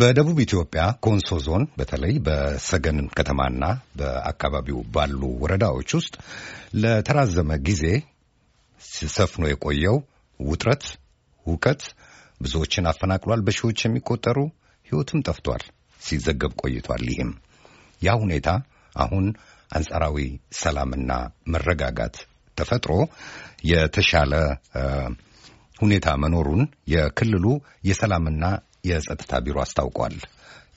በደቡብ ኢትዮጵያ ኮንሶ ዞን በተለይ በሰገን ከተማና በአካባቢው ባሉ ወረዳዎች ውስጥ ለተራዘመ ጊዜ ሰፍኖ የቆየው ውጥረት፣ ሁከት ብዙዎችን አፈናቅሏል። በሺዎች የሚቆጠሩ ሕይወትም ጠፍቷል ሲዘገብ ቆይቷል። ይህም ያ ሁኔታ አሁን አንጻራዊ ሰላምና መረጋጋት ተፈጥሮ የተሻለ ሁኔታ መኖሩን የክልሉ የሰላምና የጸጥታ ቢሮ አስታውቋል።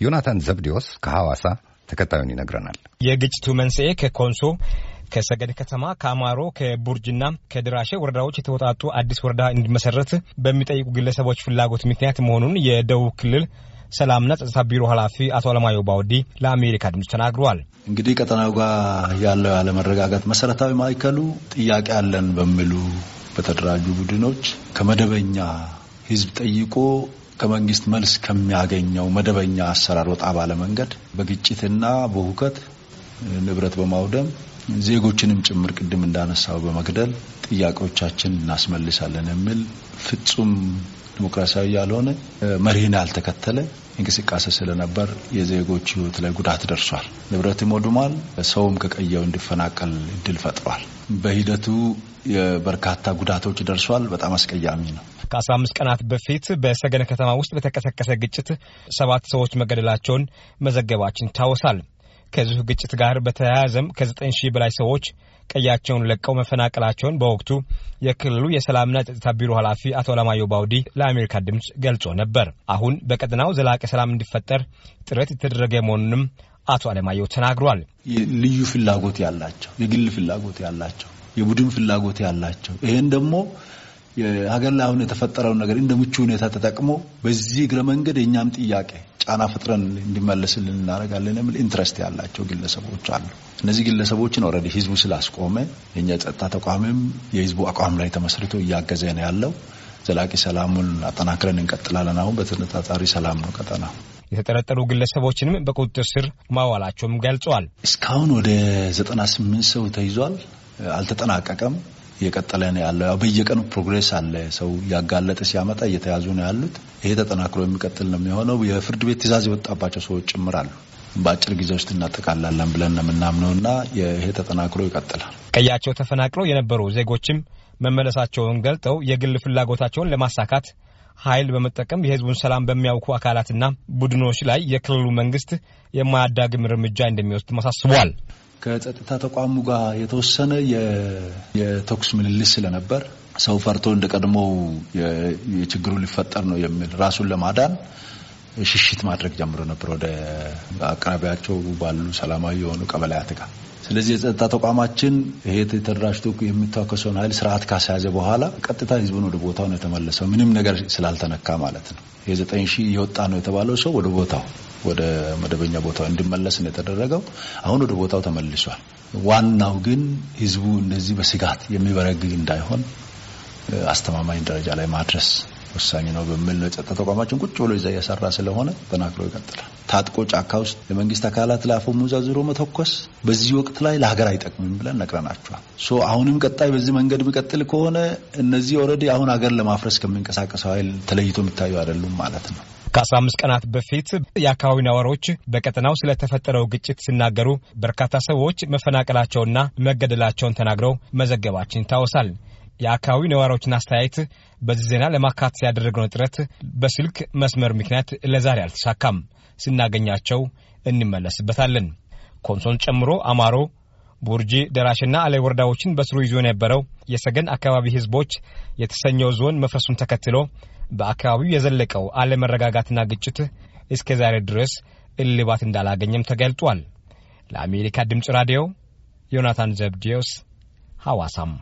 ዮናታን ዘብዴዎስ ከሐዋሳ ተከታዩን ይነግረናል። የግጭቱ መንስኤ ከኮንሶ ከሰገድ ከተማ ከአማሮ ከቡርጅና ከድራሼ ወረዳዎች የተወጣጡ አዲስ ወረዳ እንዲመሰረት በሚጠይቁ ግለሰቦች ፍላጎት ምክንያት መሆኑን የደቡብ ክልል ሰላምና ጸጥታ ቢሮ ኃላፊ አቶ አለማየሁ ባውዲ ለአሜሪካ ድምፅ ተናግረዋል። እንግዲህ ቀጠናው ጋር ያለው ያለመረጋጋት መሰረታዊ ማዕከሉ ጥያቄ አለን በሚሉ በተደራጁ ቡድኖች ከመደበኛ ህዝብ ጠይቆ ከመንግስት መልስ ከሚያገኘው መደበኛ አሰራር ወጣ ባለ መንገድ በግጭትና በሁከት ንብረት በማውደም ዜጎችንም ጭምር ቅድም እንዳነሳው በመግደል ጥያቄዎቻችን እናስመልሳለን የሚል ፍጹም ዲሞክራሲያዊ ያልሆነ መሪህን ያልተከተለ እንቅስቃሴ ስለነበር የዜጎች ህይወት ላይ ጉዳት ደርሷል። ንብረትም ወድሟል። ሰውም ከቀየው እንዲፈናቀል እድል ፈጥሯል። በሂደቱ የበርካታ ጉዳቶች ደርሷል። በጣም አስቀያሚ ነው። ከአስራ አምስት ቀናት በፊት በሰገነ ከተማ ውስጥ በተቀሰቀሰ ግጭት ሰባት ሰዎች መገደላቸውን መዘገባችን ይታወሳል። ከዚሁ ግጭት ጋር በተያያዘም ከዘጠኝ ሺህ በላይ ሰዎች ቀያቸውን ለቀው መፈናቀላቸውን በወቅቱ የክልሉ የሰላምና ጸጥታ ቢሮ ኃላፊ አቶ አለማየሁ ባውዲ ለአሜሪካ ድምፅ ገልጾ ነበር። አሁን በቀጠናው ዘላቂ ሰላም እንዲፈጠር ጥረት የተደረገ መሆኑንም አቶ አለማየሁ ተናግሯል። ልዩ ፍላጎት ያላቸው፣ የግል ፍላጎት ያላቸው፣ የቡድን ፍላጎት ያላቸው ይህን ደግሞ ሀገር ላይ አሁን የተፈጠረውን ነገር እንደ ምቹ ሁኔታ ተጠቅሞ በዚህ እግረ መንገድ የእኛም ጥያቄ ጫና ፈጥረን እንዲመለስልን እናደርጋለን የሚል ኢንትረስት ያላቸው ግለሰቦች አሉ። እነዚህ ግለሰቦችን ኦልሬዲ ህዝቡ ስላስቆመ የእኛ ጸጥታ ተቋምም የህዝቡ አቋም ላይ ተመስርቶ እያገዘ ነው ያለው። ዘላቂ ሰላሙን አጠናክረን እንቀጥላለን። አሁን በተነጣጣሪ ሰላም ነው ቀጠና። የተጠረጠሩ ግለሰቦችንም በቁጥጥር ስር ማዋላቸውም ገልጸዋል። እስካሁን ወደ 98 ሰው ተይዟል። አልተጠናቀቀም። እየቀጠለ ነው ያለው። ያው በየቀኑ ፕሮግሬስ አለ። ሰው ያጋለጠ ሲያመጣ እየተያዙ ነው ያሉት። ይሄ ተጠናክሮ የሚቀጥል ነው የሚሆነው። የፍርድ ቤት ትዕዛዝ የወጣባቸው ሰዎች ጭምር አሉ። በአጭር ጊዜ ውስጥ እናጠቃላለን ብለን ነው የምናምነው እና ይሄ ተጠናክሮ ይቀጥላል። ቀያቸው ተፈናቅለው የነበሩ ዜጎችም መመለሳቸውን ገልጠው የግል ፍላጎታቸውን ለማሳካት ኃይል በመጠቀም የህዝቡን ሰላም በሚያውኩ አካላትና ቡድኖች ላይ የክልሉ መንግስት የማያዳግም እርምጃ እንደሚወስድ ማሳስቧል። ከጸጥታ ተቋሙ ጋር የተወሰነ የተኩስ ምልልስ ስለነበር ሰው ፈርቶ እንደ ቀድሞው የችግሩ ሊፈጠር ነው የሚል ራሱን ለማዳን ሽሽት ማድረግ ጀምሮ ነበር ወደ አቅራቢያቸው ባሉ ሰላማዊ የሆኑ ቀበሌያት ጋር። ስለዚህ የጸጥታ ተቋማችን ይሄ ተደራጅቶ የሚታከሰውን ኃይል ስርዓት ካስያዘ በኋላ ቀጥታ ህዝቡን ወደ ቦታው ነው የተመለሰው። ምንም ነገር ስላልተነካ ማለት ነው። የዘጠኝ ሺህ እየወጣ ነው የተባለው ሰው ወደ ቦታው ወደ መደበኛ ቦታው እንዲመለስ ነው የተደረገው። አሁን ወደ ቦታው ተመልሷል። ዋናው ግን ህዝቡ እንደዚህ በስጋት የሚበረግግ እንዳይሆን አስተማማኝ ደረጃ ላይ ማድረስ ወሳኝ ነው በሚል ነው የጸጥታ ተቋማችን ቁጭ ብሎ ይዛ እየሰራ ስለሆነ ተጠናክሮ ይቀጥላል። ታጥቆ ጫካ ውስጥ የመንግስት አካላት ለአፈሙዝ ሙዛዝሮ መተኮስ በዚህ ወቅት ላይ ለሀገር አይጠቅምም ብለን ነግረናቸዋል። ሶ አሁንም ቀጣይ በዚህ መንገድ የሚቀጥል ከሆነ እነዚህ ኦልሬዲ አሁን ሀገር ለማፍረስ ከሚንቀሳቀሰው ኃይል ተለይቶ የሚታዩ አይደሉም ማለት ነው። ከ ከ15 ቀናት በፊት የአካባቢ ነዋሪዎች በቀጠናው ስለተፈጠረው ግጭት ሲናገሩ በርካታ ሰዎች መፈናቀላቸውና መገደላቸውን ተናግረው መዘገባችን ይታወሳል። የአካባቢው ነዋሪዎችን አስተያየት በዚህ ዜና ለማካተት ያደረግነው ጥረት በስልክ መስመር ምክንያት ለዛሬ አልተሳካም። ስናገኛቸው እንመለስበታለን። ኮንሶን ጨምሮ አማሮ፣ ቡርጂ፣ ደራሽና አሌ ወረዳዎችን በስሩ ይዞ የነበረው የሰገን አካባቢ ህዝቦች የተሰኘው ዞን መፍረሱን ተከትሎ በአካባቢው የዘለቀው አለመረጋጋትና ግጭት እስከ ዛሬ ድረስ እልባት እንዳላገኘም ተገልጧል። ለአሜሪካ ድምፅ ራዲዮ ዮናታን ዘብዲዮስ ሐዋሳም